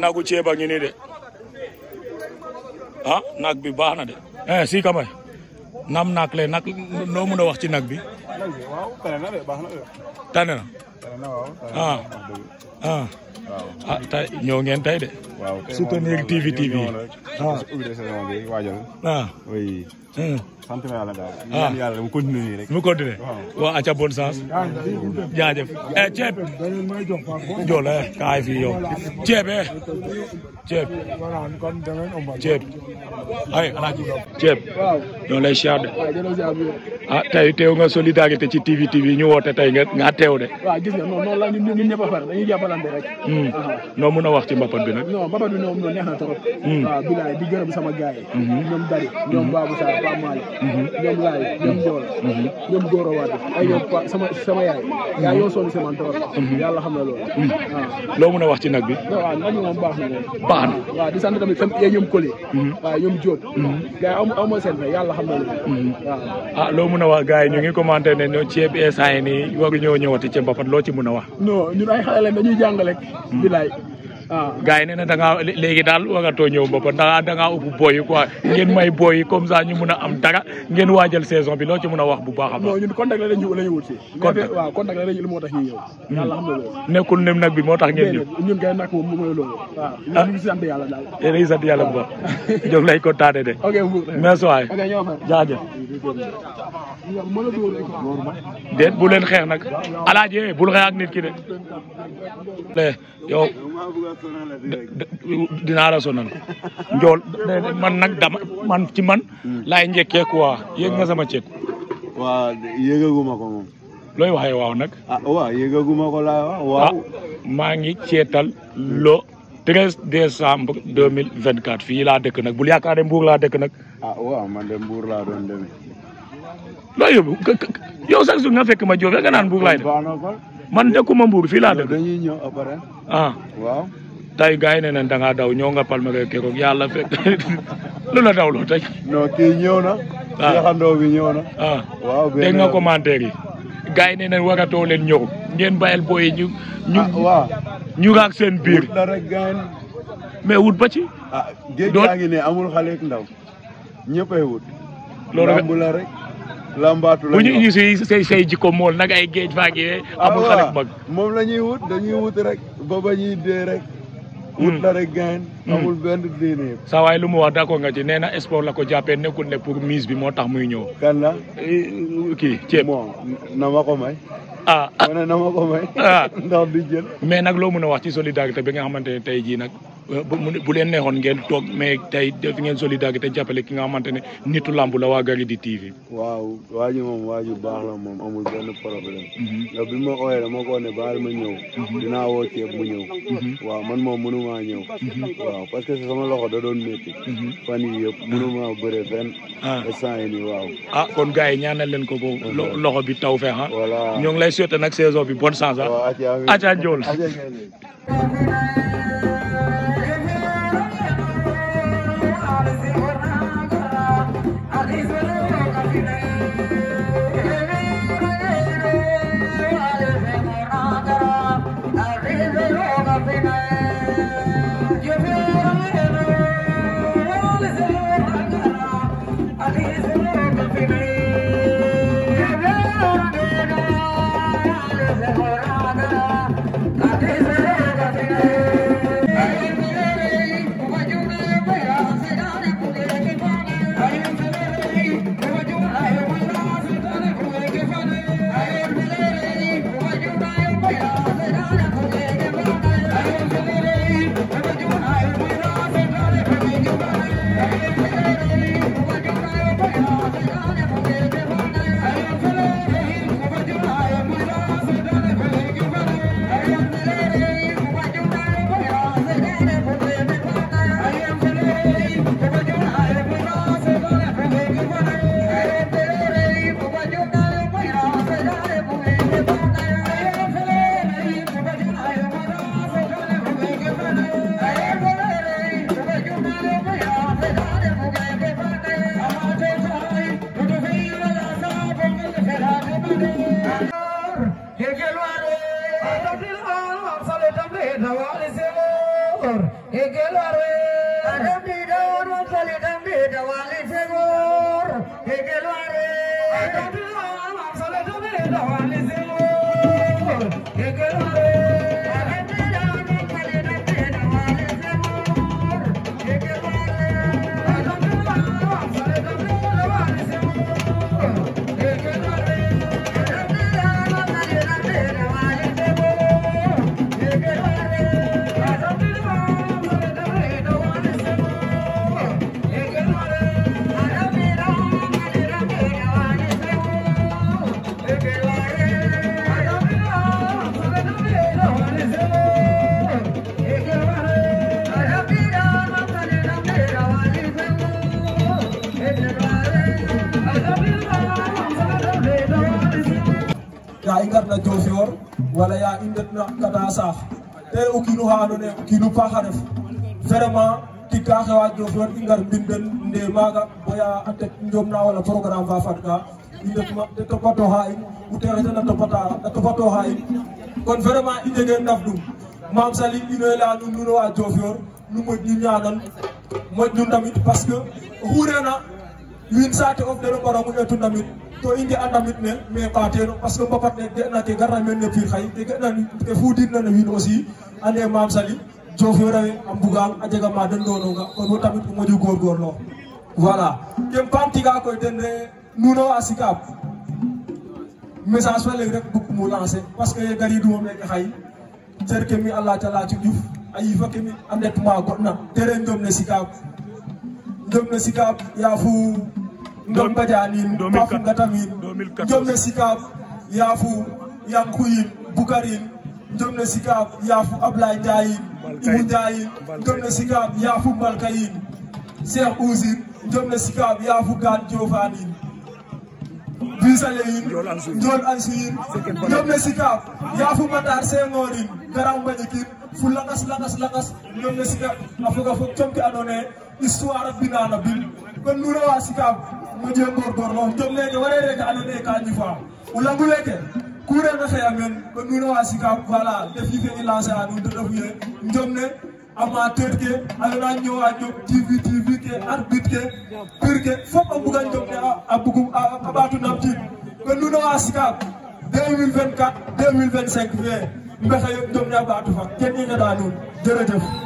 naagu ceeb a ngi nii de ah nag bi baax na de eh si kamay naam naak le naak noo mën a wax ci nag bi tane na ah ah ah tay ñoo ngeen tay de soutenir TV TV ah ah Hmm. sant ah. iya, iya, ah. yàlla ya, ya, ya. eh jola eh. ah TV Pape Malick ñoom laay ñoom ñoom góor a waat ay yow sama sama yaay yaa yoo sonn si man trop yàlla xam na loolu loo mën a wax ci nag bi waaw nag bi moom baax na moom baax na waaw di sant tamit ñoom Koli mhm. waaw ñoom Diop mhm. gars yi aw ma seen fay yàlla xam na loolu mhm. waaw ah loo mun a wax gars yi ñu ngi commenté ne ñoo ceeb instant yi nii waru ñoo ñëwati ci mbapat loo ci mën a wax non ñun ay xale lañ dañuy jàng rek di Ah. gars yi nee na da ngaa léegi daal waratoo ñëw mbapat ndax da ngaa ubbi booy yi quoi ngeen may booy yi comme ça ñu mun a am dara ngeen waajal saison bi loo ci mun a wax bu baax a baax. non ñun contact la ñu la ñu moo tax ñuy ñëw. Hmm. yàlla xam nga loolu. nekkul nim nag bi moo tax ngeen ñëw. ñun kay nag moom mooy ah. ñu sant yàlla daal. yéen a ngi sant yàlla bu baax. jóg lay ko taate de. ok merci waay. ok ñoo fa jaajëf. déet bu xeex nag alaaji eh, bul xeex ak nit ki de. Eh, yow dinaa rasonal ko njool man nag dama man ci man laay njëkkee quoi yéeg nga sama ceeb waaw yéegaguma ko moom looy waxee waaw nag ah waaw yéegaguma ko laa wax waaw ah, maa ngi ceetal lo 13 décembre fii laa dëkk nag bul yaakaar ne Mbour laa dëkk nag ah waaw man sax su nga fekk ma joofe nga naan Mbour laay def man dëkkuma Mbour fii laa dëkk tey gars yi ne nañ da daw ñëw nga Palma ngay keroog yàlla fekk la daw loo tey. non kii ñëw na. Ah. Ah. waaw yaxandoo bi na. waaw nga commentaire yi. gars yi ne nañ waratoo leen ñëw ngeen bàyyil booy ñu. ñu ah, ñu seen biir. mais wut ba ci. ah géej gaa ngi ne amul xale ak ndaw ñëppay rek. lambaatu la ñu indi si say mool nag ay géej faa ngi amul xale ak mag. moom ñuy wut dañuy wut rek ba ñuy dee rek. wut na mm. rek gain. Mm. amul benn lu mu wax d'accord nga ci nee na sport la ko jàppee nekkul ne pour mise bi moo tax muy ñëw. kan la eh, kii ceeb. bon na ma ko may. ah, ah. na ma ko may. ah ndax du jël. mais nag loo mën a wax ci solidarité bi nga xamante ne tey jii nag. bu leen neexoon ngeen toog mais tey def ngeen te jàppale ki nga xamante ne nitu làmb la waa Garidi TV. waaw waa ji moom waa baax la moom amul benn problème. Mhm. ndax bi ma ooyee dama ko ne baal ma ñëw. Mhm. dinaa woo ceeb mu ñëw. Mhm. waaw man moom mënumaa ñëw. waaw parce que sama loxo da doon métti. fan yii a mënumaa ah. waaw. a ah, kon gars yi ñaanal leen ko loxo bi taw feex ah. ñoo ngi lay souhaiter nag saison bi bonne chance ah. waaw Adja Adja Egelo are, egelo ama, sole dobe dobe. ya i ngarna Diofior wala ya i ndetna kata saax te o kiino xa andoona paax a ref vraiment tig ka xewa Diofior i ngar mbind den nde maaga baya a tet njoomna wala programme fa fadka i ndetma ta topatooxa in o teexetena topatooxa in kon vraiment i njegee ndafdum Mame Saly ino i laya nuun nuun wa Diofior nu moƴ nu ñaanan moƴ nu ndamit parce que oxu reena win saate of deno ɓara muƴa tun damit to i nge'andamit ne mais ɓaateno parce que mbapat ne ge'na ke garna meen no piir xaye ke ge'na ke fudirna no wiin aussi ande Mame Saly Diofior awe a mbugaan a jega ma den doononga kon wo tamit o moƴu goorgoorloox voilà kem paam koy ten re nuuno a sikaab message fa leŋ rek bug mu lancer parce que ye gariiduma meeke xaye cer ke mi a laaca laacu ƴuf a yiif ke mi a ndet ma goɗna tere njom ne sikaab jomna sikab yafu ndom bajanin pafu ngatamin jomna sikab yafu yankuyin bukarin jomna sikab yafu ablay jayin ibu jayin jomna sikab yafu mbalkayin cheikh ousir jomna sikab yafu gan jofanin bisale yin jol ansu yin jomna sikab yafu matar sengorin karam bajikin fu lakas lakas lakas non ne sikab afoga fo comke andonaye histoire binana bin kon nurawa sikab moƴe gorgorlo jom leke warereke andonaye ka ñifa o langu leke kurena xeya men ko nunawa sikab voilà def yife i lancé a nun te refu ye jom ne ke andona ñowa ñom tv tv ke arbitre ke pur ke fop a mbuga jom ne ah, a bugum ah, a ɓatu nam tig ko nunawa sikab 2024 2025 fe mbéxe yëpp doom naa baatu fa kenn ñu ne daa dul jërëjëf